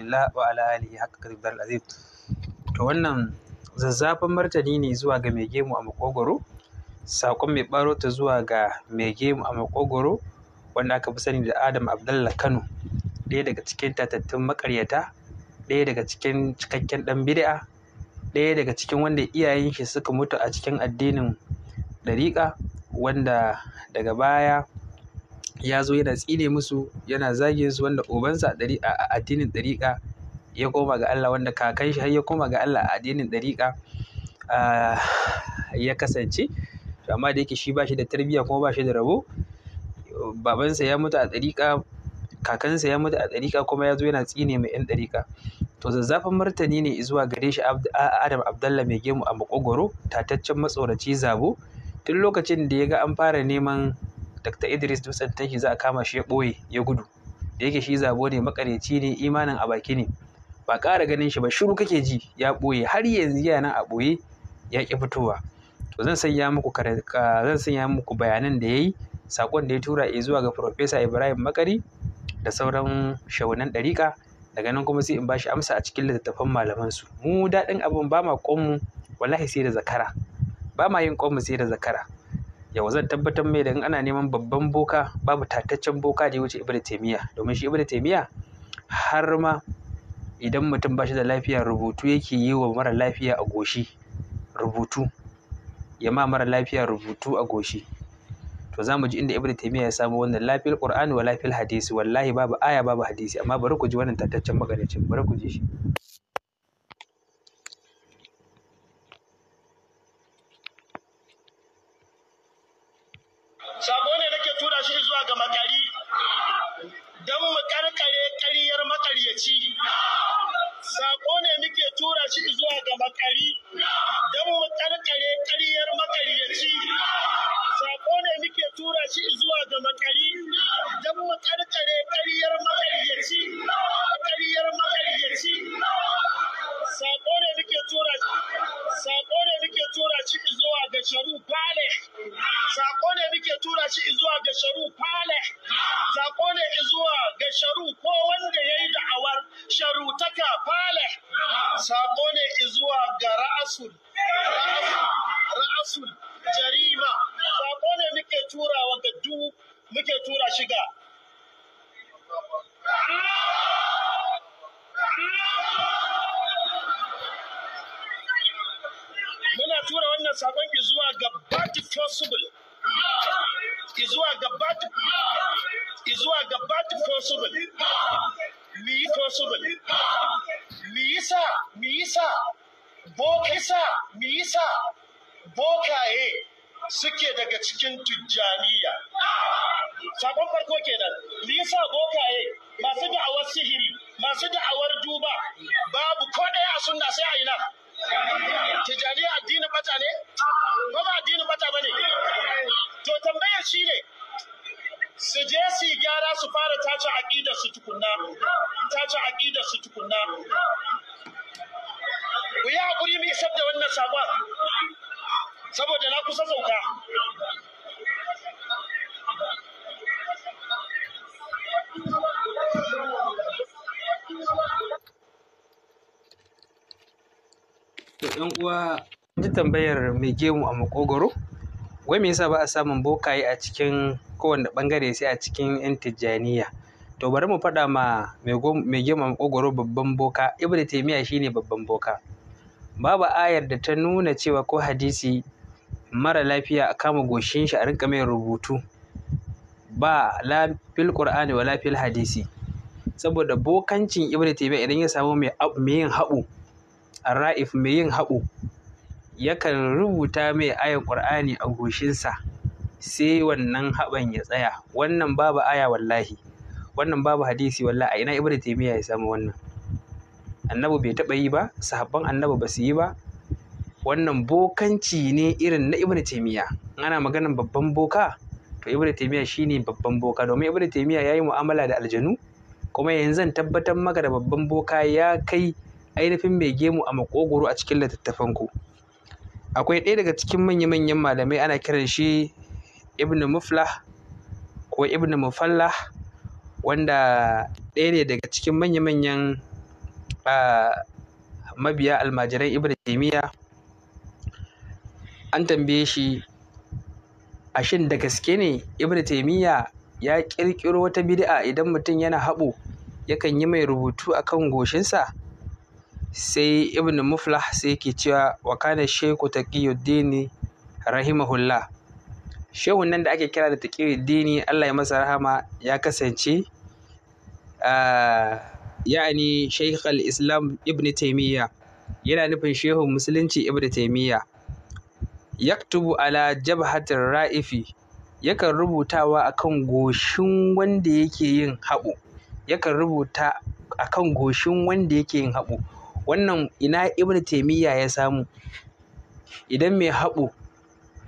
الله وعلى آله حق قدر العظيم to wannan zazzafan martani ne zuwa ga mai gemu a makogwaro, saƙon mai ɓaro zuwa ga mai gemu a makogoro wanda aka fi sani da adam abdallah kano ɗaya daga cikin tatattun maƙaryata ɗaya daga cikin cikakken ɗan bid'a ɗaya daga cikin wanda iyayen shi suka mutu a cikin addinin ɗariƙa wanda daga baya ya zo yana tsine musu yana zage su wanda ubansa a addinin ɗariƙa ya koma ga Allah wanda kakan shi har ya koma ga Allah a addinin ɗariƙa ya kasance amma da yake shi ba shi da tarbiyya kuma ba shi da rabo babansa ya mutu a ɗariƙa kakansa ya mutu a ɗariƙa kuma ya zo yana tsine mai ‘yan ɗariƙa to zazzafin martani ne zuwa gare shi adam abdallah mai gemu a makogoro tataccen matsoraci zabo tun lokacin da ya ga an fara neman Dr. Idris Dutsen tashi za a kama shi ya ɓoye ya gudu da yake shi zabo ne makareci ne imanin a baki ne ba ƙara ganin shi ba shiru kake ji ya ɓoye har yanzu yana a ɓoye ya ƙi fitowa to zan sanya muku zan sanya muku bayanan da yayi saƙon da ya tura zuwa ga Profesa Ibrahim Makari da sauran shaunan ɗariƙa daga nan kuma sai in ba shi amsa a cikin littattafan malaman su mu daɗin abin ba ma ƙonmu wallahi sai da zakara ba ma yin ƙonmu sai da zakara yau zan tabbatar mai da in ana neman babban boka babu tataccen boka da ya wuce ibn taimiya. domin shi ibn taimiya har ma idan mutum ba shi da lafiya rubutu yake yi wa mara lafiya a goshi rubutu ya ma mara lafiya rubutu a goshi to za mu ji inda ibn taimiya ya samo wannan lafiyar qur'ani wa lafiyar hadisi wallahi babu aya babu hadisi amma bari ku ji wannan tataccen maganacin bari ku ji shi turawa ga duk muke tura shiga. muna tura wannan sabon zuwa ga bat possible zuwa ga bat zuwa ga bat possible mi yi possible mi yi sa mi yi sa bokisa mi yi sa bokaye suke daga cikin tujjaniya sakon farko kenan me yasa bokaye masu da'awar sihiri masu da'awar duba babu ko ɗaya a sunna sai a ina Tijjaniya addinin bata ne ko ba addinin bata ne? to tambayar shi ne. su je su gyara su fara tace aƙidar su tukunna tace aƙidar su tukunna ku yi haƙuri mu isar da wannan sabon saboda na kusa sauka yan uwa ji tambayar mai gemu a makogoro wai me yasa ba a samun bokaye a cikin kowanne bangare sai a cikin yan tijjaniya to bari mu faɗa ma mai gemu a makogoro babban boka ibnu shi shine babban boka babu ayar da ta nuna cewa ko hadisi mara lafiya a kama goshin shi a rinka mai rubutu ba la fil qur'ani wala fil hadisi saboda bokancin ibn taymiya idan ya samu mai yin haɓu Ra'if mai yin haɓu yakan rubuta mai ayan ƙurani a goshinsa sai wannan haɓan ya tsaya wannan babu aya wallahi wannan babu hadisi wallahi a ina ibn taymiya ya samu wannan annabi bai taɓa yi ba sahabban annabi ba su yi ba wannan bokanci ne irin na ibnu taymiya ana maganan babban boka to ibnu shi shine babban boka domin ibnu ya yi mu'amala da aljanu kuma yanzu tabbatar maka da babban boka ya kai ainihin mai gemu a makogoro a cikin ku akwai ɗaya daga cikin manya-manyan malamai ana kiran shi Ibn muflah ko Ibn mufallah wanda ɗaya ne daga cikin manya-manyan ah, mabiya almajiran ibn taymiya an tambaye shi a shin da gaske ne ibn taimiyya ya ƙirƙiro wata bid'a idan mutum yana haɓo yakan yi mai rubutu a kan goshinsa sai ibn muflah sai ke cewa wa kana sheku taqiyuddin rahimahullah shehun nan da ake kira da taqiyuddin Allah ya masa rahama ya kasance ah, ya'ani shaykh islam ibn taimiyya yana nufin shehun musulunci ibn taimiyya yaktubu ala jabhatir ra'ifi yakan rubutawa akan goshin wanda yake yin haɓo yakan rubuta akan goshin wanda yake yin haɓo wannan ina ibn taimiyya ya samu idan mai haɓo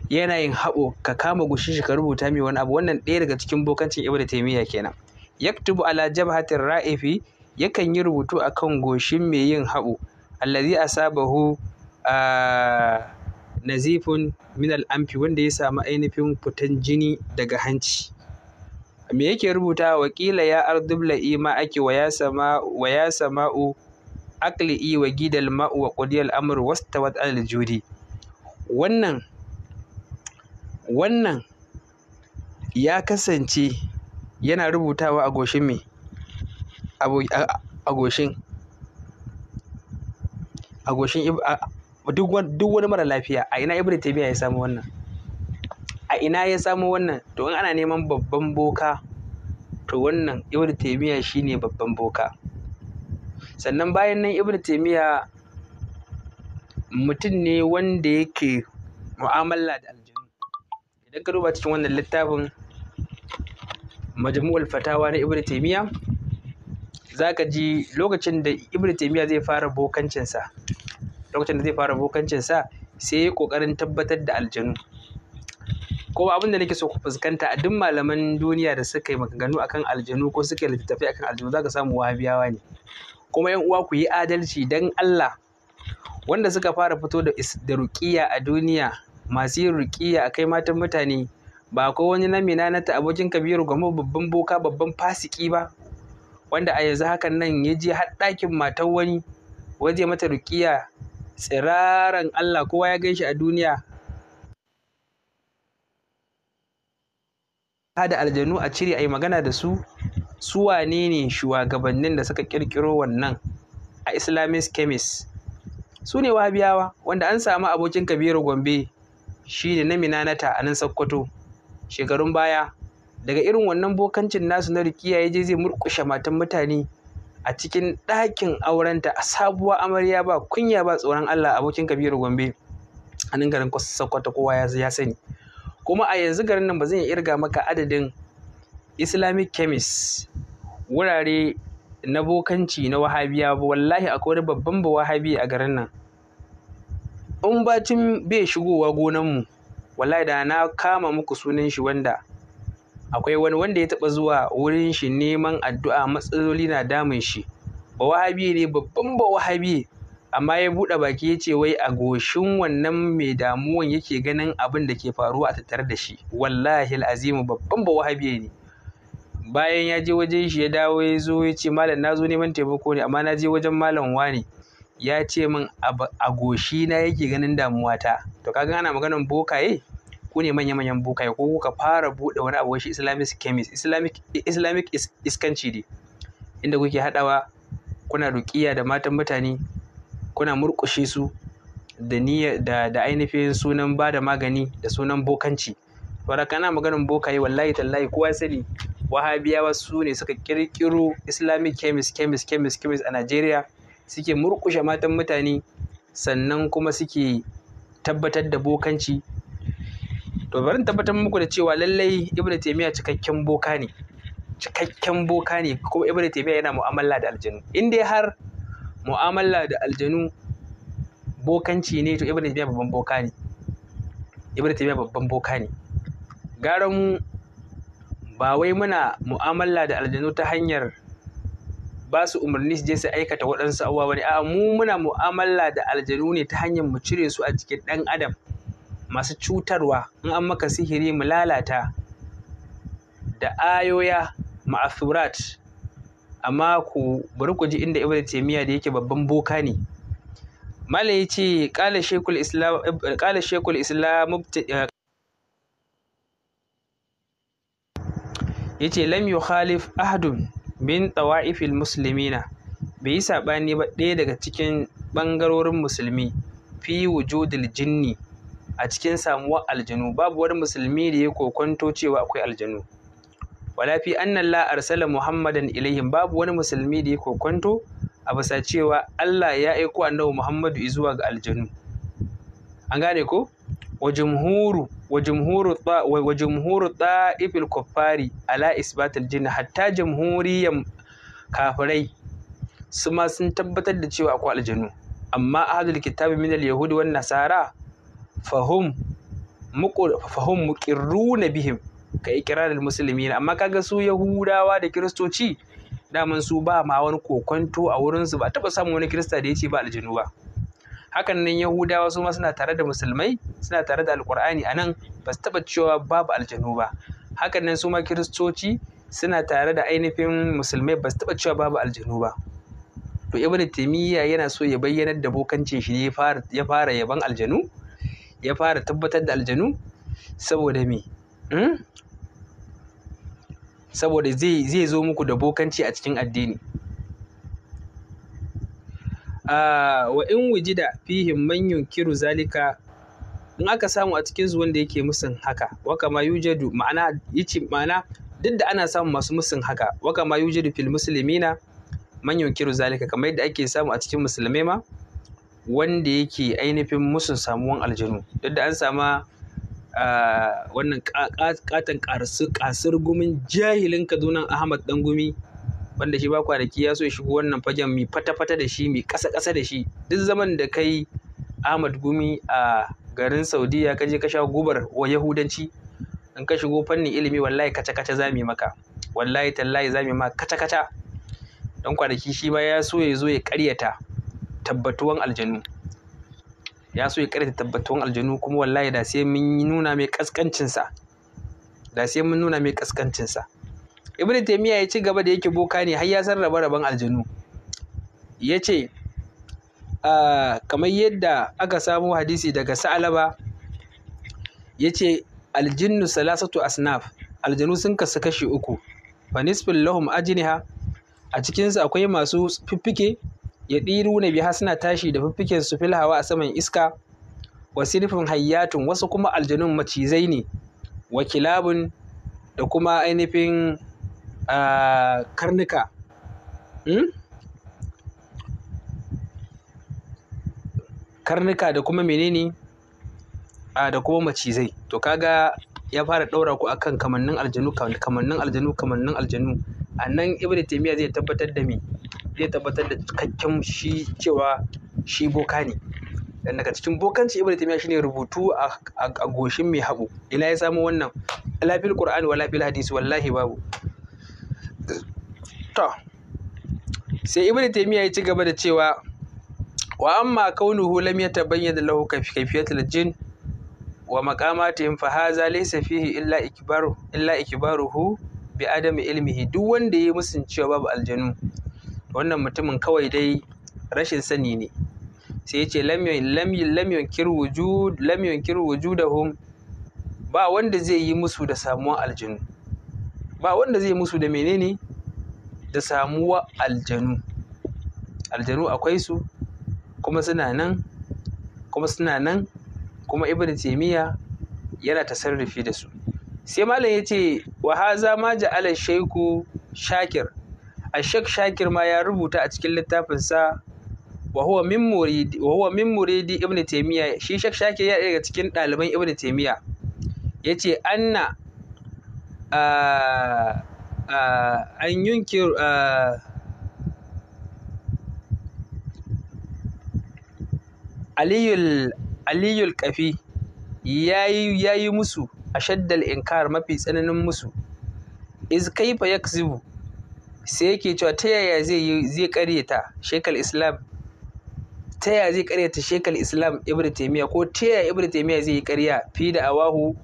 yana yin haɓo ka kama goshin shi ka rubuta mai wani abu wannan ɗaya daga cikin bokancin ibn taimiyya kenan yaktubu ala jabhatir ra'ifi yakan yi rubutu akan goshin mai yin haɓo allazi asabahu uh, nazifun minal amfi wanda ya samu ainihin fitan jini daga hanci me yake rubuta wa ƙila ya ardubla ma ake wa ya sama wa ya sama'u wa gidal ma'u wa qudiyal amr wastawat al judi wannan wannan ya kasance yana rubutawa a goshin me a goshin a goshin duk wani mara lafiya a ina ibn taymiya ya samu wannan a ina ya samu wannan to in ana neman babban boka to wannan ibnu taymiya shine babban boka sannan bayan nan ibn taymiya mutum ne wanda yake mu'amala da aljanu idan ka duba cikin wannan littafin majmu'ul fatawa na ibnu taymiya zaka ji lokacin da ibn taymiya zai fara bokancinsa lokacin da zai fara bokancinsa sai ya yi ƙoƙarin tabbatar da aljanu ko abin da nake so ku fuskanta a duk malaman duniya da suka yi maganganu akan aljanu ko suka yi littattafai akan aljanu za ka samu wahabiyawa ne kuma yan uwa ku yi adalci dan Allah wanda suka fara fito da da ruqiya a duniya masu yin ruqiya akai matan mutane ba ko wani na na ta abokin kabiru gamo babban boka babban fasiki ba wanda a yanzu hakan nan ya je har ɗakin matan wani waje mata ruqiya tsiraran Allah kowa ya gan shi a duniya da aljanu a cire a yi magana da su su wane ne shugabannin da suka kirkiro wannan a islamist chemist su ne wahabiyawa wanda an samu abokin kabiru gombe shi ne na minanata a nan sokoto shekarun baya daga irin wannan bokancin nasu na rikiya ya je zai murƙushe matan mutane a cikin ɗakin aurenta a sabuwa amarya ba kunya ba tsoron Allah abokin Kabiru Gombe a nan garin Sokoto kowa ya sani kuma a yanzu garin nan ba zan irga maka adadin Islamic chemist wurare na bokanci na wahabiya ba wallahi akwai wani babban ba wahabi a garin nan in bacin bai shigowa gonanmu wallahi da na kama muku sunan shi wanda akwai wani wanda ya taɓa zuwa wurin shi neman addu'a matsaloli na damun shi ba wahabi ne babban ba wahabi amma ya buɗe baki ya ce wai a goshin wannan mai damuwan yake ganin abin da ke faruwa a tattare da shi wallahi azimu babban ba wahabi ne bayan ya je wajen shi ya dawo ya zo ya ce malam na zo neman taimako ne amma na je wajen malam wani ya ce min a goshi na yake ganin damuwata to kaga ana maganan bokaye ku ne manya manyan bukaye ko kuka fara buɗe wani abu shi islamic chemist islamic islamic iskanci ne inda kuke haɗawa kuna ruƙiya da matan mutane kuna murƙushe su da niyya da da ainihin sunan ba da magani da sunan bokanci wanda kana maganin bokaye wallahi tallahi kowa sani wahabiyawa su ne suka kirkiro islamic chemist chemist chemist chemist a Najeriya suke murƙushe matan mutane sannan kuma suke tabbatar da bokanci to bari in tabbatar muku da cewa lallai ibnu taymiya cikakken boka ne cikakken boka ne kuma ibnu taymiya yana mu'amala da aljanu in dai har mu'amala da aljanu bokanci ne to ibnu taymiya babban boka ne ibnu taymiya babban boka ne gara mu ba wai muna mu'amala da aljanu ta hanyar ba su umarni su je su aikata waɗansu abubuwa ne a'a mu muna mu'amala da aljanu ne ta hanyar mu cire su a jikin ɗan adam masu cutarwa in an maka sihiri mu lalata da ayoya ma'asurat amma ku bari ku ji inda ibn taymiya da yake babban boka ne malam ce qala shaykhul islam qala shaykhul islam yace lam yukhalif ahadun min tawa'ifil muslimina bai yi saɓani ba ɗaya daga cikin ɓangarorin musulmi fi wujudil jinni a cikin samuwar aljanu babu wani musulmi da ya kokonto cewa akwai aljanu wala fi anna la arsala muhammadan ilaihim babu wani musulmi da ya kokonto a bisa cewa Allah ya aiko annabi Muhammadu zuwa ga aljanu an gane ko wa jumhuru wa jumhuru wa jumhuru ta'ifil kuffari ala isbatil jinn hatta jumhuriyan kafirai su ma sun tabbatar da cewa akwai aljanu amma ahadul kitabi min al yahudi wan nasara fahum fahum na bihim ka iqrarul muslimin amma kaga su yahudawa da kiristoci daman su ba ma wani kokonto a wurin su ba taba samun wani kirista da yace ba aljinu ba hakan nan yahudawa su ma suna tare da musulmai suna tare da alqur'ani anan ba su taba cewa babu aljanu ba hakan nan su kiristoci suna tare da ainihin musulmai ba su taba cewa babu aljanu ba to ibnu taymiya yana so ya bayyanar da bokancin shi ne ya fara yabon aljanu ya fara tabbatar da aljanu saboda me hmm? saboda zai zo muku da bokanci a cikin addini ah, wa in wujida fihim man yunkiru zalika in aka samu a cikin su wanda yake musun haka waka ma yujadu ma'ana yace ma'ana duk da ana samu masu musun haka waka ma yujadu fil muslimina man yunkiru zalika kamar yadda ake samu a cikin musulmai ma wanda yake ainihin musun samuwan aljanu duk da an sama wannan katon kasar gumin jahilin kaduna ahmad dan gumi wanda shi ba kwanaki ya so ya shigo wannan fagen mai fata-fata da shi mai ƙasa-ƙasa da shi duk zaman da kai ahmad gumi a garin saudiya ka je ka sha gubar wa yahudanci in ka shigo fannin ilimi wallahi kaca-kaca za mu maka wallahi tallahi za mu ma kaca-kaca don kwanaki shi ma ya so ya zo ya ƙaryata tabbatuwan aljanu ya so ya karyata tabbatuwan aljanu kuma wallahi da sai mun nuna mai sa da sai mun nuna mai sa ibnu taymiya ya ci gaba da yake boka ne har ya san raba raban aljanu ya ce ah, kamar yadda aka samo hadisi daga sa'alaba ya ce aljinnu salasatu asnaf aljanu sun kasu kashi uku fa nisfin lahum ajniha a cikinsa akwai masu fiffike ya ɗiru na biha suna tashi da fiffiken su fil hawa a saman iska wa sinifin hayyatun wasu kuma aljanun macizai ne wa kilabun da kuma ainihin karnuka hmm? karnuka da kuma menene da kuma macizai to kaga ya fara ɗaura ku akan kamannin aljanu kamannin aljanu kamannin aljanu a nan ibn taymiya zai tabbatar da me zai tabbatar da cikakken shi cewa shi boka ne dan daga cikin bokanci ibnu taymiya shine rubutu a goshin mai hagu ina ya samu wannan la fil qur'ani wala fil hadisi wallahi babu to sai ibnu taymiya ya ci gaba da cewa wa amma kaunuhu lam yatabayyana lahu kayfiyatul jin wa maqamatihim fa hadha laysa fihi illa ikbaru illa ikbaruhu bi adami ilmihi duk wanda ya musun cewa babu aljanu wannan mutumin kawai dai rashin sani ne sai ya ce lamyon kirwu wujudahum ba wanda zai yi musu da samuwa aljanu ba wanda zai musu da menene da samuwa aljanu aljanu akwai su kuma suna nan kuma suna nan kuma ibn taymiya yana tasarrufi da su sai malam ya ce wa haza ma ja'ala shaiku shakir Ashek Shakir ma ya rubuta a cikin littafinsa wa huwa min muridi Ibn Taymiyyah shi Sheikh Shakir ya daga cikin ɗaliban Ibn Taymiyyah yace anna an yunkir Aliyul Aliyul Kafi ya yi musu ashaddal inkar mafi tsananin musu iz kaifa yakzibu sai yake cewa ta yaya zai zai ƙaryata shekal islam ta yaya zai ƙaryata shekal islam ibn taymiya ko ta yaya ibn taymiya zai yi karya fi da awahu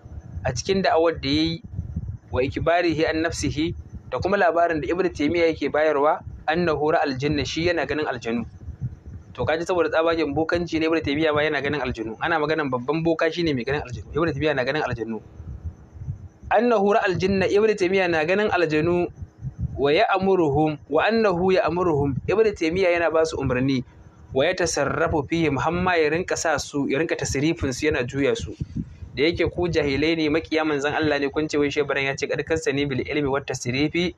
a cikin da'awar da yayi wa ikbarihi an nafsihi da kuma labarin da ibn taymiya yake bayarwa annahu ra aljanna shi yana ganin aljanu to kaji saboda tsabagen bokanci ne ibn taymiya ba yana ganin aljanu ana maganan babban boka shine mai ganin aljanu ibn taymiya na ganin aljanu annahu ra aljanna ibn taymiya na ganin aljanu wa ya amuruhum wa annahu ya amuruhum ibnu taymiya yana ba su umarni wa ya tasarrafu fihim hamma ya rinka sa su ya rinka tasrifin su yana juya su da yake ku jahilai ne makiya manzon Allah ne kun ce wai shebaran ya ce karkansa ne bil ilmi wa tasrifi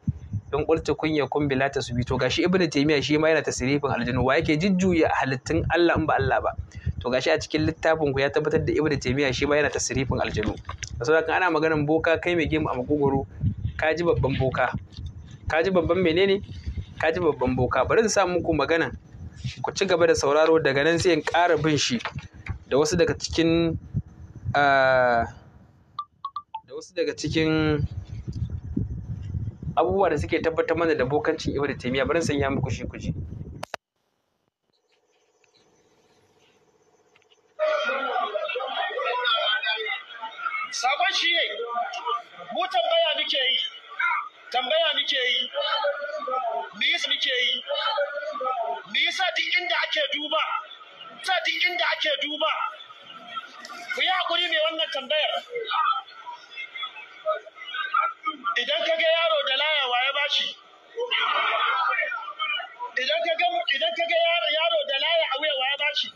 in qultu kun ya kun bila tasbi to gashi ibnu taymiya shi ma yana tasrifin aljanu wa yake jujjuya halittun Allah in ba Allah ba to gashi a cikin littafin ku ya tabbatar da ibnu taymiya shi ma yana tasrifin aljanu saboda ana maganar boka kai mai gemu a magogoro ka ji babban boka ka ji babban menene ka ji babban boka bari in sa muku magana ku ci gaba da sauraro daga nan sai in ƙara bin shi da wasu daga cikin da wasu daga cikin abubuwa da suke tabbatar mana da bokancin ibnu taymiya bari in sanya muku shi ku ji tambaya muke yi miyis muke yi me yasa duk inda ake duba sa duk inda ake duba ku yi hakuri mai wannan tambayar idan ka ga yaro da laya waye bashi idan ka ga idan ka ga yaro da laya a wuya waye bashi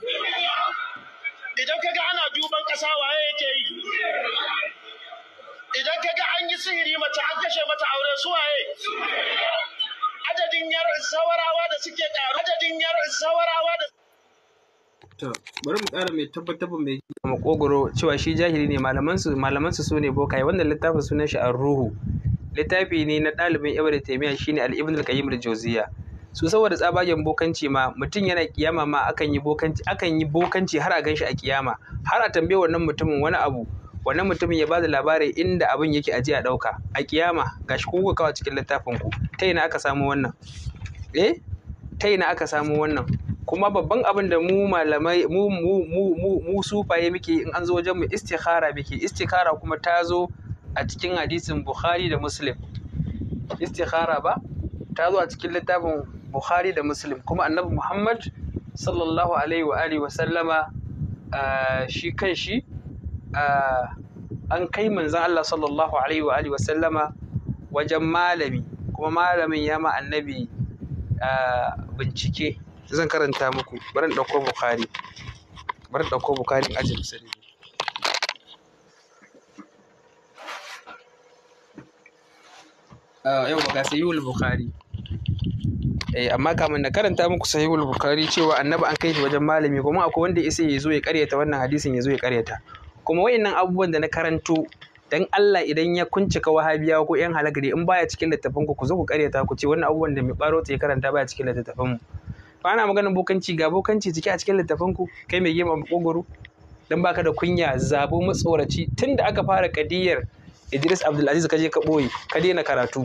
idan ka ga ana duban ƙasa waye yake yi idan ka ga an yi sihiri mace an kashe mata aure suwaye adadin yar sawarawa da suke ƙaru adadin yar sawarawa da to bari mu ƙara mai tabbatar mai makogoro cewa shi jahili ne malamansu malaman su ne bokaye wannan littafin sunan shi ruhu littafi ne na ɗalibin ibnu taymiya shine al-ibn al-qayyim al-jawziya su saboda tsabagen bokanci ma mutum yana kiyama ma akan yi bokanci akan yi bokanci har a ganshi a kiyama har a tambaye wannan mutumin wani abu wannan mutumin ya bada labarin inda abin yake aje a ɗauka a kiyama gashi ku kuka kawo cikin littafin ku ta ina aka samu wannan eh ta ina aka samu wannan kuma babban abin da mu malamai mu mu mu mu, mu sufaye muke in an zo wajen mu istikhara muke istikhara kuma ta zo a cikin hadisin Bukhari da Muslim istikhara ba ta zo a cikin littafin Bukhari da Muslim kuma Annabi Muhammad sallallahu alaihi wa alihi wa sallama ah, shi kan shi an kai manzon Allah sallallahu alaihi wa alihi wajen malami kuma malamin ya ma annabi bincike zan karanta muku bari in ɗauko bukari bari in ɗauko bukari ajin sani yau ga sahihul bukhari eh amma kamin na karanta muku sahihul bukhari cewa annabi an kai shi wajen malami kuma akwai wanda ya sai ya zo ya karyata wannan hadisin ya zo ya karyata kuma wayannan abubuwan da na karanto dan Allah idan ya kuncika wahabiya ko yan halakari in baya cikin littafin ku ku zo ku karyata ku ce wannan abubuwan da mai baro ta ya karanta baya cikin littafin mu to ana maganar bokanci ga bokanci ciki a cikin littafin ku kai mai gema makogoro dan baka da kunya zabo matsoraci da aka fara kadiyar Idris Abdulaziz ka je ka boye ka daina karatu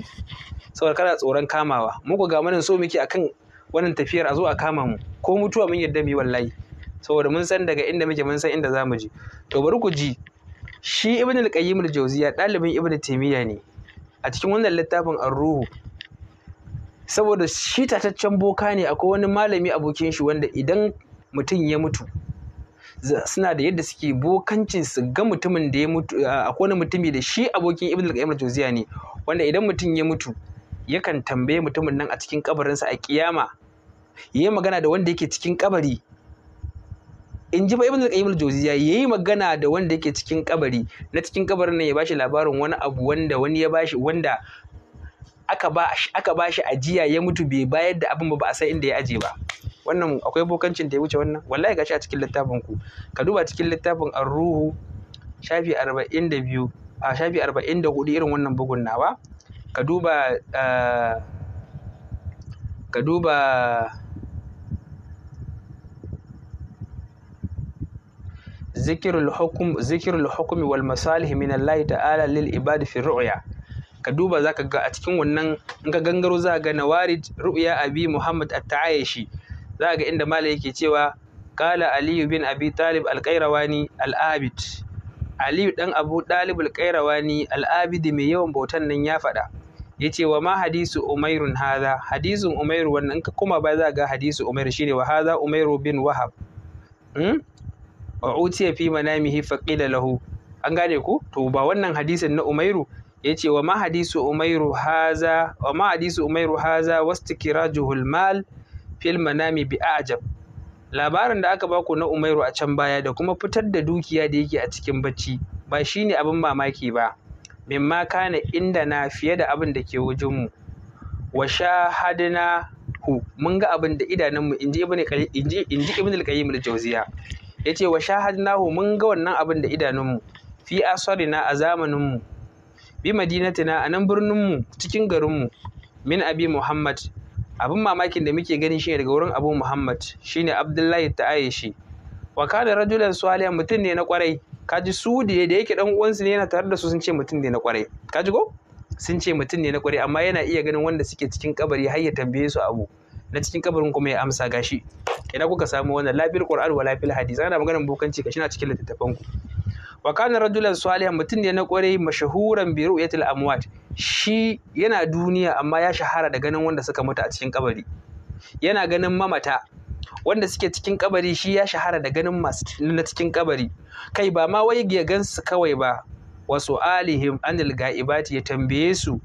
saboda kana tsoron kamawa muku ga manin so muke akan wannan tafiyar a zo a kama mu ko mutuwa mun yarda mu yi wallahi saboda mun san daga inda muke mun san inda zamu je to bari ku ji shi ibn al-qayyim al-jawziya dalibin ibn taymiya ne a cikin wannan littafin ar-ruhu saboda shi tataccen boka ne akwai wani malami abokin shi wanda idan mutum ya mutu suna da yadda suke bokancin su ga mutumin da ya mutu akwai wani mutumi da shi abokin ibn al-qayyim al-jawziya ne wanda idan mutum ya mutu yakan tambaye mutumin nan a cikin kabarinsa a kiyama yayi magana da wanda yake cikin kabari in ji fa ibn al-qayyim al-jawziya yayi magana da wanda yake cikin kabari na cikin kabarin nan ya bashi labarin wani abu wanda wani ya bashi wanda aka ba aka bashi ajiya ya mutu bai bayar da abin ba ba a san inda ya aje ba wannan akwai bokancin da ya wuce wannan wallahi gashi a cikin littafin ku ka duba cikin littafin ar-ruhu shafi 42 a shafi 44 irin wannan bugun nawa ka duba eh, ka duba zikirul hukum wal masalih min Allah ta'ala lil ibad fi ru'ya ka duba zaka ga a cikin wannan in ka gangaro za ga nawarij ru'ya abi muhammad at-ta'ayishi za ga inda malai yake cewa qala ali bin abi talib al-qayrawani al-abid ali dan abu talib al-qayrawani al-abid mai yawan bautan nan ya faɗa yace wa ma hadisu umairun hadha hadisun umairu wannan in ka kuma ba za ga hadisu umairu shine wa hadha umairu bin wahab hmm? wa fi manamihi qila lahu an gane ku to ba wannan hadisin na umairu yace ce wa ma hadisu umairu haza wa ma hadisu umairu haza wastikirajuhul mal fil manami bi ajab labarin da aka baku na umairu a can baya da kuma fitar da dukiya da yake a cikin bacci ba shine abin mamaki ba mimma kana inda na fiye da abin da ke wajenmu wa shahadna hu mun ga abin da idanunmu inji ibn inji inji al-qayyim al-jawziya ya ce wa shahadnahu mun ga wannan abin da idanunmu fi asarina a zamaninmu bi madinatina a nan birninmu cikin garinmu min abi muhammad abin mamakin da muke gani shine daga wurin abu muhammad shine abdullahi ta'ayishi wa kana rajulan salihan mutum ne na kwarai kaji su da yake dan uwansu ne yana tare da su sun ce mutum ne na kwarai kaji ko sun ce mutum ne na kwarai amma yana iya ganin wanda suke cikin kabari har ya tambaye su abu na cikin kabarin kuma ya amsa gashi ina kuka samu wannan lafiyar qur'an wa lafiyar hadisi ana maganar bokanci gashi na cikin littattafan ku wa kana rajulan salihan mutum ne na kwarai mashahuran bi ru'yatil amwat shi yana duniya amma ya shahara da ganin wanda suka mutu a cikin kabari yana ganin mamata wanda suke cikin kabari shi ya shahara da ganin masu na cikin kabari kai ba ma wai ya gansu kawai ba wasu alihim anil ga'ibati ya tambaye su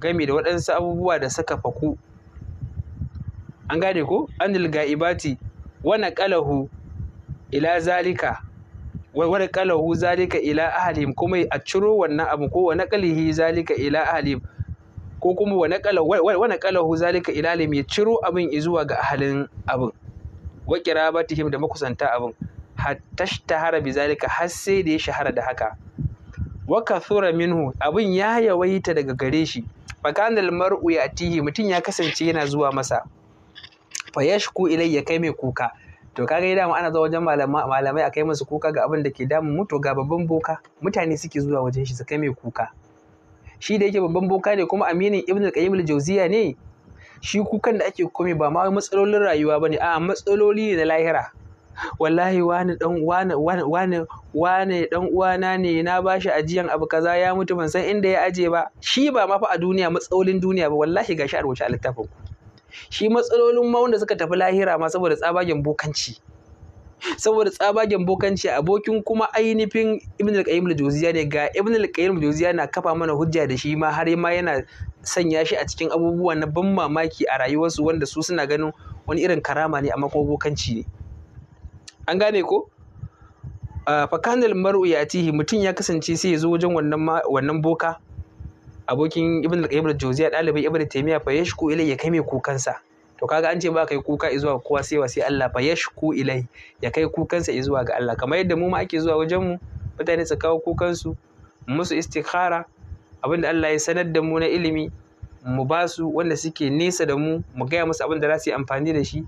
game da waɗansu abubuwa da suka faku an gane ko anil ga'ibati wa naqalahu ila zalika wa qalahu zalika ila ahlihim kuma a ciro wannan abu ko wa naqalihi zalika ila ahalim ko kuma wa kalahu wa naqalahu zalika ila ahlihim ya ciro abin zuwa ga ahalin abin wa qirabatihim da makusanta abin hatta shtahara bi zalika har sai da ya shahara da haka wa kathura minhu abin ya yawaita daga gare shi fakanal mar'u yatihi mutun ya kasance yana zuwa masa fa ilai ya kai mai kuka to kaga ya dama ana zuwa wajen malamai a kai musu kuka ga abin da ke damun mu to ga babban boka mutane suke zuwa wajen shi su kai mai kuka shi da yake babban boka ne kuma aminin ibn al-qayyim al-jawziya ne shi kukan da ake komai ba ma matsalolin rayuwa bane a'a matsaloli ne na lahira wallahi wani dan wani wani wani dan uwana ne na bashi ajiyan abu kaza ya mutu ban san inda ya aje ba shi ba ma fa a duniya matsalolin duniya ba wallahi gashi a rubuce a littafin ku shi matsalolin ma wanda suka tafi lahira ma saboda tsabagen bokanci saboda tsabagen bokanci abokin kuma ainihin ibn al-qayyim al-jawziya ne ga ibn al-qayyim al-jawziya na kafa mana hujja da shi ma har ma yana sanya shi a cikin abubuwa na ban mamaki a rayuwarsu wanda su suna ganin wani irin karama ne amma kuma bokanci ne an gane ko ah, fakanil mar'u yatihi mutum ya kasance sai ya zo wajen wannan boka abokin ibn al-qayyim al-jawziya dalibin ibn taymiya fa yashku ilai ya kai mai kukansa to kaga an ce ba kai kuka zuwa kowa sai sai Allah fa yashku ilai ya kai kukansa zuwa ga Allah kamar yadda mu ma ake zuwa wajen mu mutane su kawo kukansu musu istikhara abinda Allah ya sanar da mu na ilimi mu ba su wanda suke nesa da mu mu gaya musu abinda za su yi amfani da shi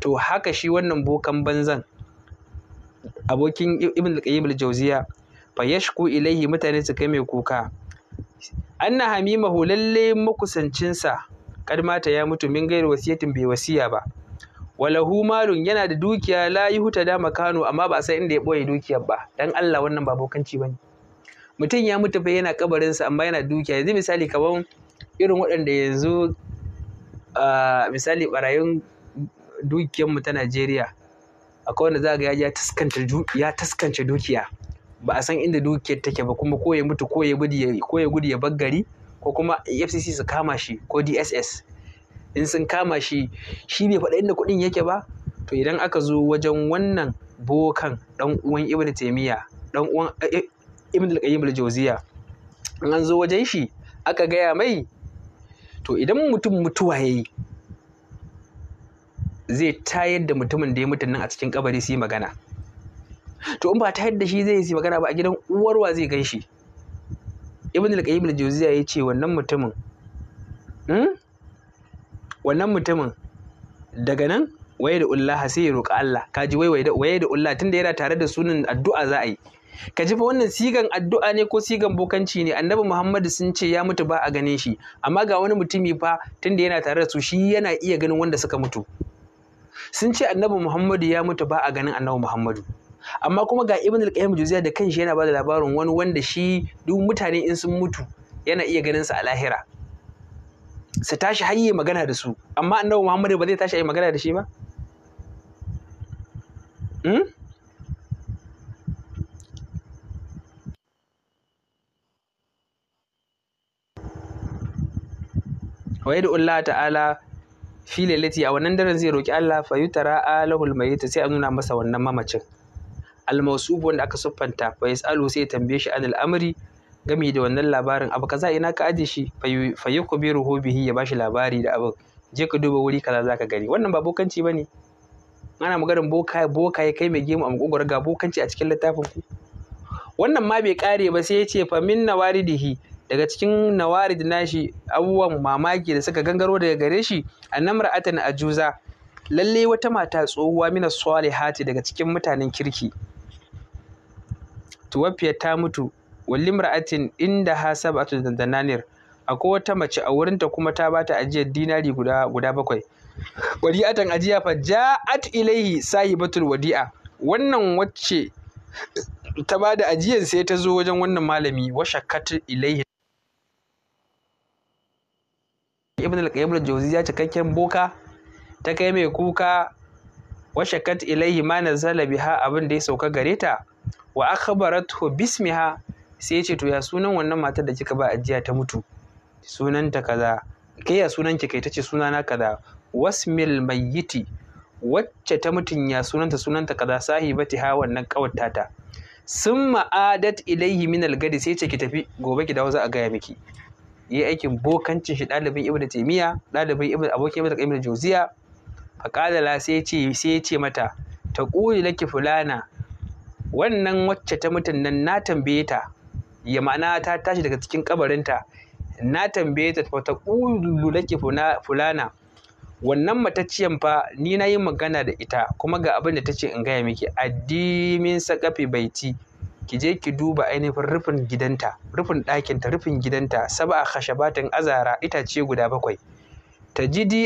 to haka shi wannan bokan banzan abokin ibn al-qayyim al-jawziya fa yashku ilaihi mutane su kai mai kuka anna hamimahu lalle makusancinsa kadmata ya mutu min gairi wasiyatin bai wasiya ba walahu malun yana da dukiya la yuhta da makano amma ba san inda ya boye dukiyar ba dan Allah wannan ba bokanci bane mutum ya mutu fa yana kabarinsa amma yana dukiya yanzu misali kaman irin waɗanda yanzu misali barayin dukiyarmu ta Najeriya akwai wanda za ga ya taskance dukiya ba a san inda dukiyar take ba kuma ko ya mutu ko ya gudu ya ko ya gudu ya baggari ko kuma FCC su kama shi ko DSS in sun kama shi shi bai faɗa inda kuɗin yake ba to idan aka zo wajen wannan bokan dan uwan Ibn Taymiyyah dan uwan eh, eh, Ibn al-Qayyim al in an zo wajen shi aka gaya mai to idan mutum mutuwa yayi zai tayar da mutumin da ya mutu nan a cikin kabari su yi magana to in ba ta yadda shi zai yi magana ba a gidan uwarwa zai gan shi ibn al-qayyim al-jawziya ya ce wannan mutumin hmm? wannan mutumin daga nan waye da ullaha sai ya roƙi Allah kaji wai waye da ullaha tunda yana tare da sunan addu'a za a yi ka ji fa wannan sigan addu'a ne ko sigan bokanci ne annabi muhammadu sun ce ya mutu ba a ganin shi amma ga wani mutumi fa tunda yana tare da su shi yana iya ganin wanda suka mutu sun ce annabi muhammadu ya mutu ba a ganin annabi muhammadu amma kuma ga ibn al-qayyim juziya da kanshi yana bada labarin wani wanda shi duk mutane in sun mutu yana iya ganin su a lahira su tashi hayye magana da su amma annabi muhammadu ba zai tashi yi magana da shi ba hmm? wa yadu Allah ta'ala fi lalati a wannan daren zai roki Allah fa yutara alahul mayyit sai a nuna masa wannan mamacin almasubu wanda aka siffanta fa yasalu sai tambaye shi anil amri gami da wannan labarin abu kaza ina ka aje shi fa yakbiruhu bihi ya bashi labari da abin je ka duba wuri kaza zaka gani wannan ba bokanci bane ana maganar boka boka ya kai mai gemu a makogwar ga bokanci a cikin littafin ku wannan ma bai kare ba sai ya ce fa min nawaridihi daga cikin nawarid nashi abubuwan mamaki da suka gangaro daga gare shi annamra'atan ajuza lalle wata mata tsohuwa mina salihati daga cikin mutanen kirki tuwafiya ta mutu walimra'atin inda ha sab'atu dandananir akwai wata mace a wurinta kuma ta bata ajiyar dinari guda guda bakwai wadi'atan ajiya fa ja'at ilaihi sahibatul wadi'a wannan wacce ta bada ajiyar sai ta zo wajen wannan malami wa shakkat ilaihi ibn al-qayyim al-jawzi ya cikakken boka ta kai mai kuka wa shakkat ilaihi ma nazala biha abin da ya sauka gareta. wa akhbaratu bismiha sai ce to ya sunan wannan matar da kika ba ajiya ta mutu sunanta kaza kai ya sunan ki kai tace sunana kaza wasmil mayyiti wacce ta mutun ya sunanta sunanta kaza sahibati ha wannan kawarta ta summa adat ilayhi min algadi sai ce ki tafi gobe ki dawo za a gaya miki yi aikin bokancin shi ɗalibin ibnu taymiya ɗalibin ibnu abokin ibnu ibnu jawziya faqala la sai yace sai ce mata taqulu laki fulana wannan wacce ta mutun nan na tambaye ta ya ma'ana ta tashi daga cikin kabarinta na tambaye ta fa taqulu fulana wannan matacciyan fa ni na yi magana da ita kuma ga abin da ta ce in gaya miki addimin sakafi baiti ki je ki duba ainihin rufin gidanta rufin ɗakinta rufin gidanta saba khashabatin azara itace guda bakwai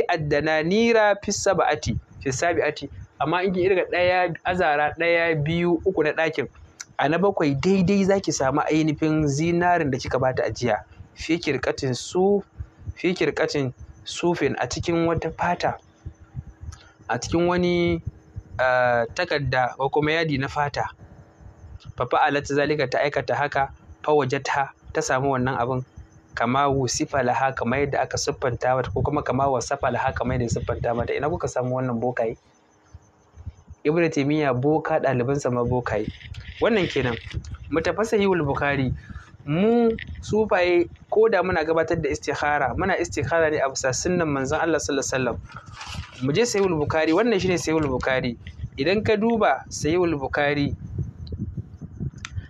addana nira fi sab'ati fi sabi'ati amma in kin irga ɗaya azara ɗaya biyu uku na ɗakin a na bakwai daidai za ki samu ainihin zinarin da kika bata ajiya jiya kirkatin su fi sufin a cikin wata fata a cikin wani takarda ko kuma yadi na fata fafa alata zalika ta aikata haka fawajata ta samu wannan abin kama wusifa laha kamar yadda aka siffanta mata ko kuma kama wasafa laha kamar yadda siffanta mata ina kuka samu wannan bokaye ibn taymiya boka ɗalibansa ma yi. wannan kenan mu tafi sahihul bukhari mu sufaye ko da muna gabatar da istikhara muna istikhara ne a bisa sunnan manzon Allah sallallahu alaihi wasallam mu je sahihul bukhari wannan shine sahihul bukhari idan ka duba sahihul bukhari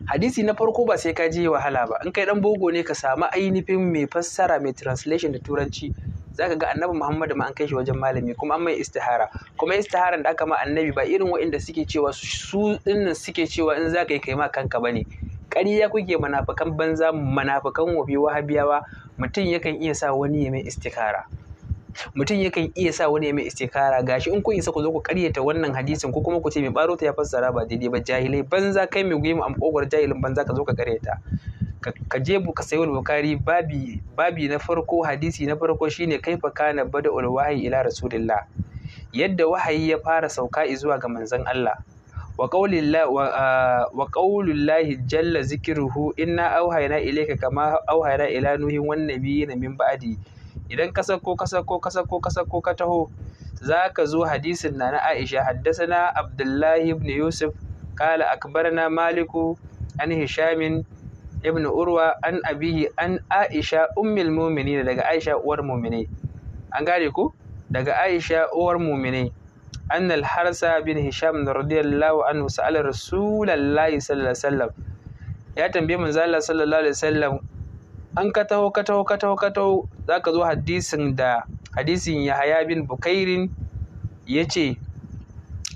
hadisi na farko ba sai ka je wahala ba in kai dan bogo ne ka samu ainihin mai fassara mai translation da turanci zaka ga annabi Muhammadu ma an kai shi wajen malami kuma an mai istihara kuma istiharan da aka ma annabi ba irin waɗanda suke cewa su dinnan suke cewa in zaka yi kai ma kanka bane ƙarya kuke munafukan banza manafakan wabi wahabiyawa mutum yakan iya sa wani ya mai istihara mutum yakan iya sa wani ya mai istikara gashi in kun isa ku zo ku karyata wannan hadisin ko kuma ku ce mai baro ta ya fassara ba daidai ba jahilai banza kai mai gwiwa a makogwar jahilin banza ka zo ka karyata ka je ka sayi bukari babi babi na farko hadisi na farko shine fa kana bada wahayi ila rasulillah yadda wahayi ya fara sauka zuwa ga manzon Allah wa qaulillahi jalla zikruhu inna auhayna ilayka kama auhayna ila nuhin wan nabiyina min ba'di idan ka sauko ka sauko ka sauko ka sauko ka taho za ka zo hadisin na na Aisha haddasana Abdullahi ibn Yusuf kala akbarna Maliku an Hishamin ibn Urwa an abihi an Aisha ummul mu'minin daga Aisha uwar mu'mini an gane ku daga Aisha uwar mu'mini أن الحرس bin هشام رضي الله عنه سأل رسول sallallahu alaihi الله عليه وسلم يا تنبيه من الله an ka taho ka taho za ka zo hadisin da hadisin yahaya bin bukairin ya ce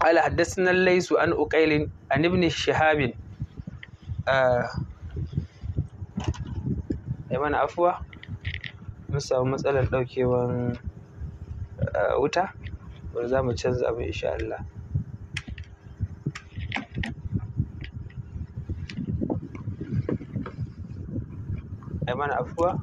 ala laisu an uƙailin an ibni shihabin ya eh, mana afuwa mun samu matsalar ɗaukewan eh, wuta bari za mu canza abin insha Allah Aiman Afwa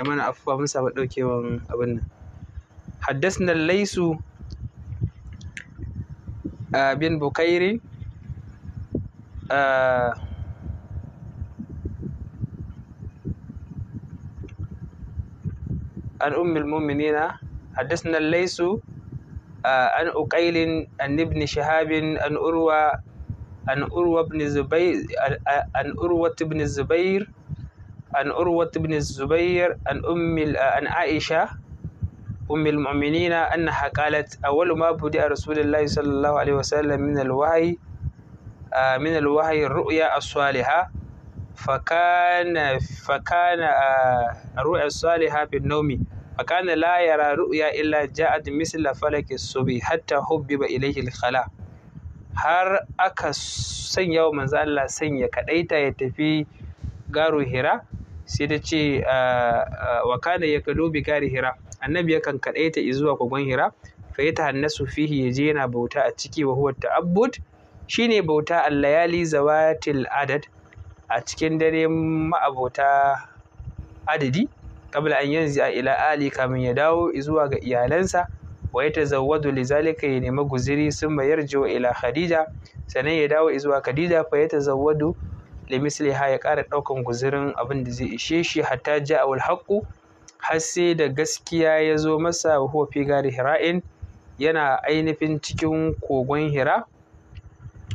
ya mana afuwa mun samu ɗaukewan abin nan haddasna laisu bin bukairin عن أم المؤمنين حدثنا ليس آه، عن أقيل عن ابن شهاب عن أروى عن أروى بن الزبير آه، آه، عن أروى بن الزبير عن عروة بن الزبير عن أم عن عائشة أم المؤمنين أنها قالت أول ما بدأ رسول الله صلى الله عليه وسلم من الوحي من الوحي الرؤيا الصالحة فكان فكان الرؤيا الصالحة بالنوم فكان لا يرى رؤيا إلا جاءت مثل فلك الصبي حتى حبب إليه الخلاء har aka sanya wa manzo Allah sanya kadaita ya tafi garu hira sai ta ce wa kana ya kalo bi gari hira annabi yakan ta zuwa kogon hira fa ya tahannasu fihi ya je yana bauta a ciki wa huwa ta'abbud shine bauta allayali zawatil adad a cikin dare ma'abota adadi kabla an yanzu a ila ali kamin ya dawo zuwa ga iyalansa wa ya tazawwadu lizalika ya nemi guziri sun bayar wa ila khadija sannan ya dawo zuwa khadija fa ya tazawwadu ha ya ƙara ɗaukan guzurin abin da zai ishe shi hatta ja awul haqqu har sai da gaskiya ya zo masa huwa fi gari hira'in yana ainihin cikin kogon hira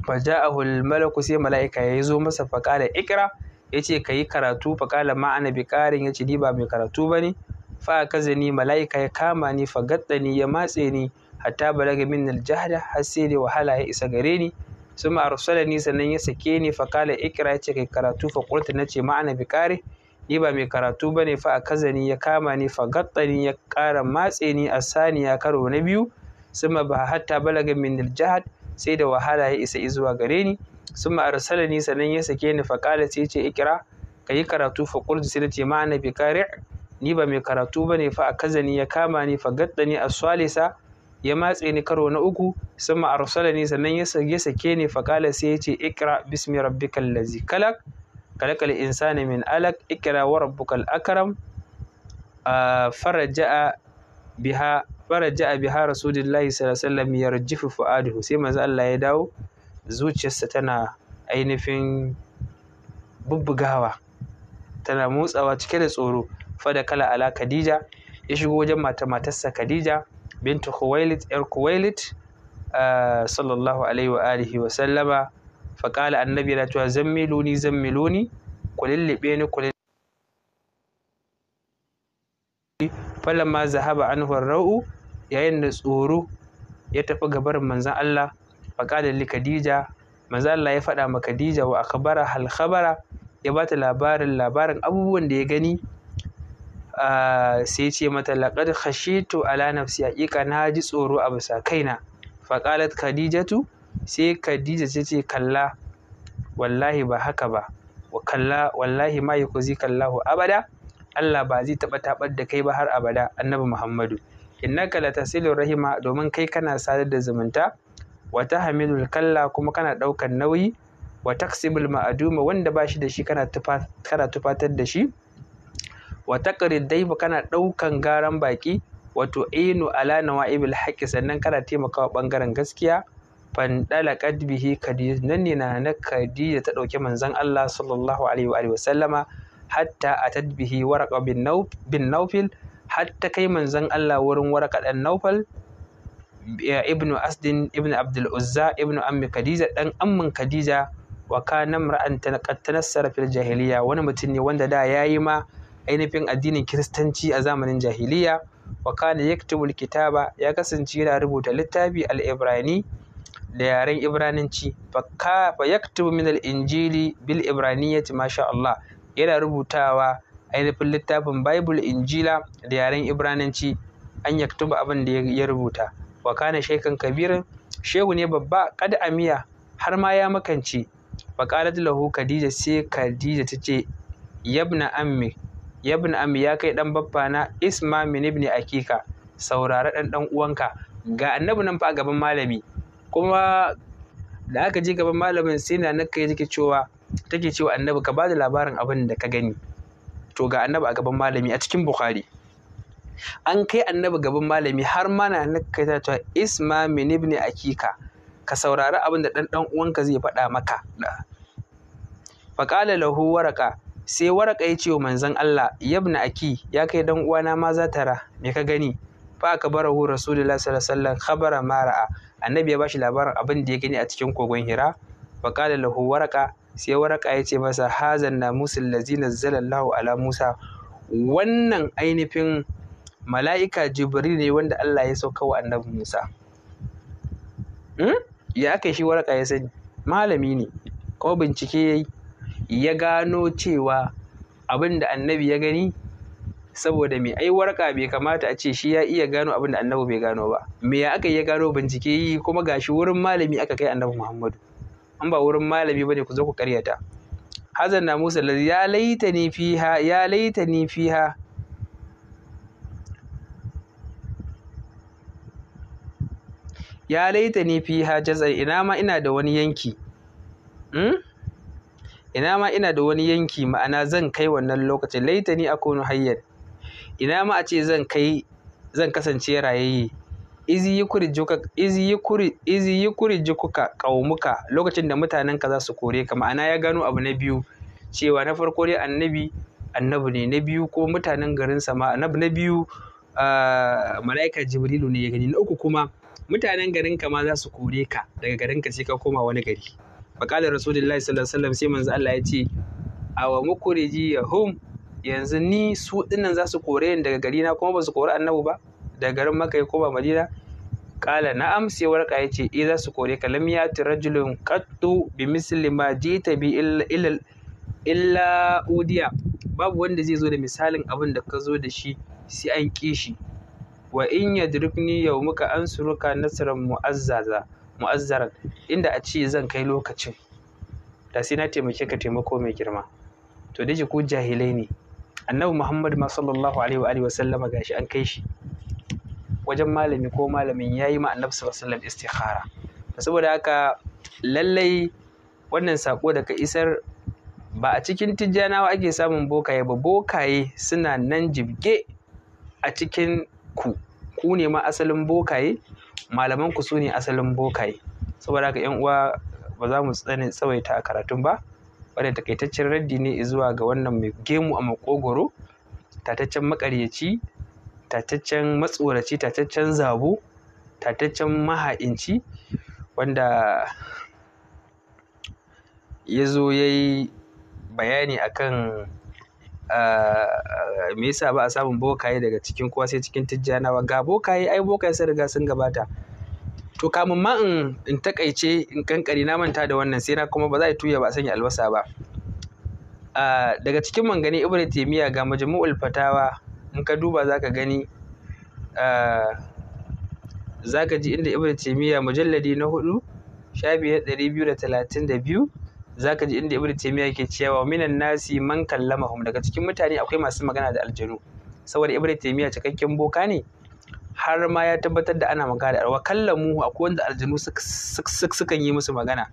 fa ja'ahul malaku sai mala'ika ya zo masa fa ya ikra yace kayi karatu fa ƙala ma ana bi yace ni ba mai karatu bane fa kazani mala'ika ya kama ni fa gaddani ya matse ni hatta balaga min aljahda har sai da wahala ya isa gare ni sun ni sannan ya sake ni fa kala ikra ya ce kai karatu fa qultu na ce ma'ana bi kare ni ba mai karatu bane fa a ya kama ni fa gattani ya kara matse ni a saniya karo na biyu summa ba hatta balaga min sai da wahala ya isa zuwa gare ni summa ni sannan ya sake ni fa kala sai ce ikra kayi karatu fa qultu sai ce ma'ana bi kare ni ba mai karatu bane fa a ya kama ni fa gattani a salisa ya matse ni karo na uku summa ni sannan ya sake ni faqala sai ya ce ikra bismi rabbikal ladzi kalak kalakal insani min alaq ikra wa rabbukal akram faraja'a biha faraja'a biha rasulillahi sallallahu alaihi wasallam yarjifu fu'aduhu sai manzo Allah ya dawo zuciyarsa tana ainihin bubbugawa tana motsawa cike da tsoro fada kala ala Khadija ya shigo wajen mata matarsa Khadija bintu Khuwailid ‘yar Khuwailid uh, sallallahu alaihi wa alihi wa sallama faƙala annabi yana cewa zammiluni zammiluni ku lullube ni ku lullube ma zahaba anhu ra'u yayin da tsoro ya tafi gabar manzon Allah faƙala li Khadija manzon Allah ya faɗa ma Khadija wa akhbara hal khabara ya bata labarin labarin abubuwan da ya gani sai ce mata laqad khashitu ala nafsi haƙiƙa na ji tsoro a bisa kaina faƙalat khadijatu sai khadija ce ce kalla wallahi ba haka ba wa kalla wallahi ma kuzi kallahu abada Allah ba zai taɓa taɓar da kai ba har abada annabi Muhammadu innaka tasilu rahima domin kai kana sadar da zumunta wa tahmilul kalla kuma kana ɗaukar nauyi wa taksibul ma'aduma wanda ba shi da shi kana tufatar da shi wa taqri daifa kana ɗaukan garan baki wato inu ala nawa'ibil haqqi sannan kana taimakawa ɓangaren gaskiya fandala bihi khadija nan ne na na khadija ta ɗauki manzon Allah sallallahu alaihi wa sallama hatta atat waraqa bin nauf bin naufil hatta kai manzon Allah wurin waraqa dan naufal ibn asdin ibn abdul uzza ibn ammi khadija dan ammin khadija wa kana imra'an qad tanassara fil jahiliya wani mutum ne wanda da yayi ma ainihin addinin kiristanci a zamanin jahiliya wa kana yaktubul kitaba ya kasance yana rubuta littafi al-ibrani da yaren ibrananci fa yaktubu min al-injili bil ibraniyyati masha Allah yana rubutawa ainihin littafin bible injila da yaren ibrananci an yaktubu abin da ya rubuta wa kana shaykan kabirin shehu ne babba kad amiya har ma ya makance fa qalat lahu khadija sai khadija tace yabna ammi ya bin ami ya kai dan baffa na isma min ibn akika saurara dan dan uwanka ga annabi nan fa gaban malami kuma da aka je gaban malamin sai na naka ya cewa take cewa annabi ka bada labarin abin da ka gani to ga annabi a gaban malami a cikin bukhari an kai annabi gaban malami har ma na naka ta cewa isma min ibn akika ka saurari abin da dan dan uwanka zai faɗa maka faqala lahu waraka sai waraka ya ce wa manzon Allah yabna aki ya kai dan uwana ma za tara me ka gani fa aka barahu rasulullahi sallallahu alaihi wasallam khabara ma ra'a annabi ya bashi labarin abin da ya gani a cikin kogon hira fa qala lahu waraka sai waraka ya ce masa hazan namusul ladzi nazzalallahu ala musa wannan ainifin mala'ika jibril ne wanda Allah ya sauka wa annabi musa hmm? ya aka shi waraka ya sani malami ne ko bincike yayi ya gano cewa abin da annabi ya gani saboda mai ai warka bai kamata a ce shi ya iya gano abin da annabi bai gano ba me ya aka ya gano bincike yi kuma gashi wurin malami aka kai annabi muhammadu an ba wurin malami bane ku zo ku karyata hazan na musa ya laitani fiha ya laitani fiha ya laita ni fiha ina ma ina da wani yanki hmm? ina ma ina da wani yanki ma'ana zan kai wannan lokacin laitani a akunu hayyan ina ma a ce zan kai zan kasance rayayye izi yi izi yukri izi lokacin da mutanen ka za su kore ka ma'ana ya gano abu na biyu cewa na farko dai annabi annabi ne na biyu ko mutanen garinsa ma annabi na biyu ah, mala'ikar jibrilu ne ya gani na uku kuma mutanen garinka ma za su kore ka daga garinka sai ka koma wani gari faƙalar rasulullahi sallallahu alaihi wasallam sai manzo Allah ya ce awa mukuriji yahum yanzu ni su dinnan za su kore ni daga garina kuma ba su kori annabi ba daga garin makka ko ba madina kala na'am sai warka ya ce eh za su kore ka lam yati rajulun qattu bi misli ma jita bi illa udiya babu wanda zai zo da misalin abin da ka zo da shi sai an kishi wa in yadrukni yawmuka ansuruka nasran mu'azzaza mu'azzaran inda a ce zan kai lokacin da sai na taimake ka taimako mai girma to da ku jahilai ne annabi muhammad ma sallallahu alaihi wa alihi wa sallama gashi an kai shi wajen malami ko malamin yayi ma annabi sallallahu alaihi istikhara saboda haka lallai wannan sako daga isar ba a cikin tijjanawa ake samun bokaye ba bokaye suna nan jibge a cikin ku ku ne ma asalin bokaye malaman ku su ne asalin bokaye saboda haka yan uwa ba za mu tsane tsawaita a karatun ba wannan takaitaccen raddi ne zuwa ga wannan mai gemu a makogoro tataccen makaryaci tataccen matsoraci tataccen zabo tataccen maha'inci wanda ya zo ya yi bayani akan Ah, me yasa ba a samun bokaye daga cikin kowa sai cikin tijjanawa ga bokaye ai bokaye sun riga sun gabata to kamun ma in in takaice in kankari na manta da wannan sai na kuma ba za a tuya ba a sanya albasa ba ah, daga cikin mangani ibn taymiya ga majmu'ul fatawa in ka duba zaka gani ah, zaka ji inda ibn taymiya mujalladi na hudu shafi na ɗari biyu da talatin da biyu Za ka ji inda ibnu taymiya yake cewa minan nasi man kallamahum daga cikin mutane akwai masu magana da aljanu saboda ibnu taymiya cikakken boka ne har ma ya tabbatar da ana magana da wa kallamu akwai wanda aljanu sukan yi musu magana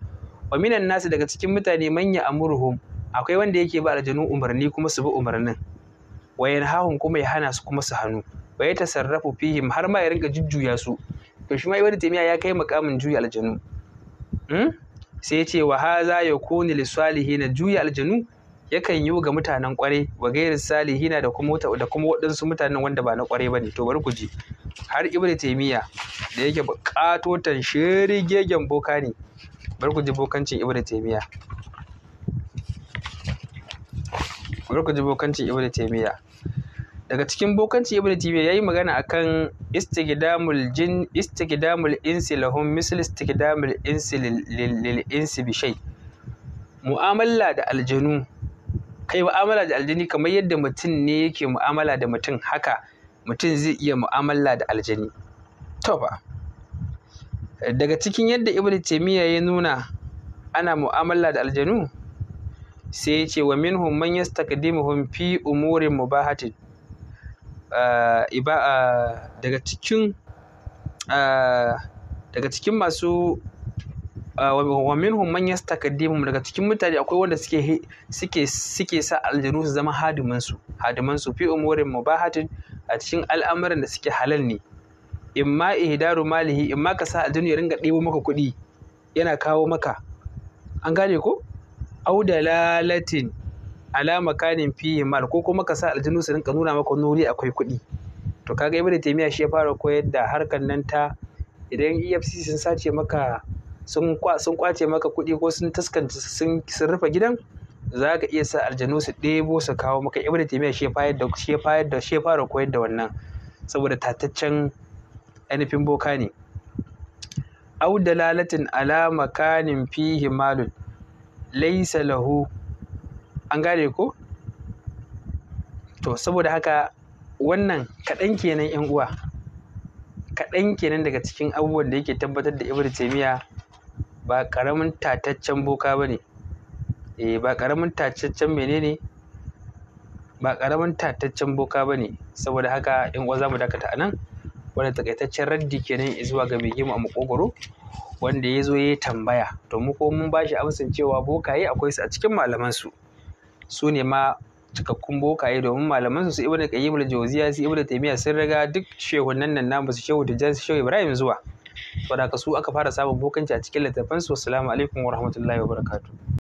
wa minan nasi daga cikin mutane manya amurhum akwai wanda yake ba aljanu umarni kuma su bi umarnin wa yanhahum kuma ya hana su kuma su hannu wa ya tasarrafu fihim har ma ya rinka jujjuya su to shi ma ibnu taymiya ya kai makamin juya aljanu hmm? sai ya ce wa haza ya kuni na juya aljanu yakan yi ga mutanen kware wa gairi salihina da kuma da kuma waɗansu mutanen wanda ba na ba bane to bari ku ji har ibnu taymiya da yake buƙatotan shirigegen boka ne bari ku ji bokancin ibnu taymiya bari ku ji bokancin ibnu taymiya daga cikin bokanci ibn tibiya ya yi magana akan istigdamul jin istigdamul insi lahum misl istigdamul insi lil insi bi shay mu'amala da aljanu kai mu'amala da aljani kamar yadda mutum ne yake mu'amala da mutum haka mutum zai iya mu'amala da aljani to fa daga cikin yadda ibn taymiya ya nuna ana mu'amala da aljanu sai ya ce wa minhum man yastaqdimuhum fi umurin mubahatin Eh, eh, daga cikin eh, daga cikin masu wa minhum man yastakdimu daga cikin mutane akwai wanda suke suke suke sa aljanu su zama hadiman su hadiman su fi umurin mubahatin a cikin al'amuran da suke halal ne imma ihdaru malihi imma ka sa aljanu ya ringa ɗebo maka kuɗi yana kawo maka an gane ko au dalalatin alama kanin fiye mal ko kuma ka sa aljinu su rinka nuna maka nuri akwai kuɗi to kaga ibnu taymiya shi ya fara koyar da harkar nan ta idan EFCC sun sace maka sun sun kwace maka kuɗi ko sun taskanta sun sun rufe gidan za ka iya sa aljanu su ɗebo su kawo maka ibnu taymiya shi ya fara da shi ya fara da shi ya fara koyar da wannan saboda tataccen ainihin boka ne au dalalatin ala makanin fihi malun laysa lahu an gane ko to saboda haka wannan kaɗan kenan yan uwa kaɗan kenan daga cikin abubuwan da yake tabbatar da ibn taimiya ba ƙaramin tataccen boka ba ne eh ba ƙaramin tataccen menene ba ƙaramin tataccen boka ba ne saboda haka yan uwa za mu dakata a nan wanda takaitaccen raddi kenan zuwa ga mai gima a makogoro wanda ya zo ya yi tambaya to mu ko mun ba shi amsan cewa bokaye akwai su a cikin malaman su su ne ma cikakkun bokaye domin malaman su ibnu qayyim al-jawziya su ibnu taymiya sun riga duk shehunan nan namu su shehu da su shehu ibrahim zuwa saboda su aka fara samun bokanci a cikin littafan su assalamu alaikum wa rahmatullahi wa barakatuh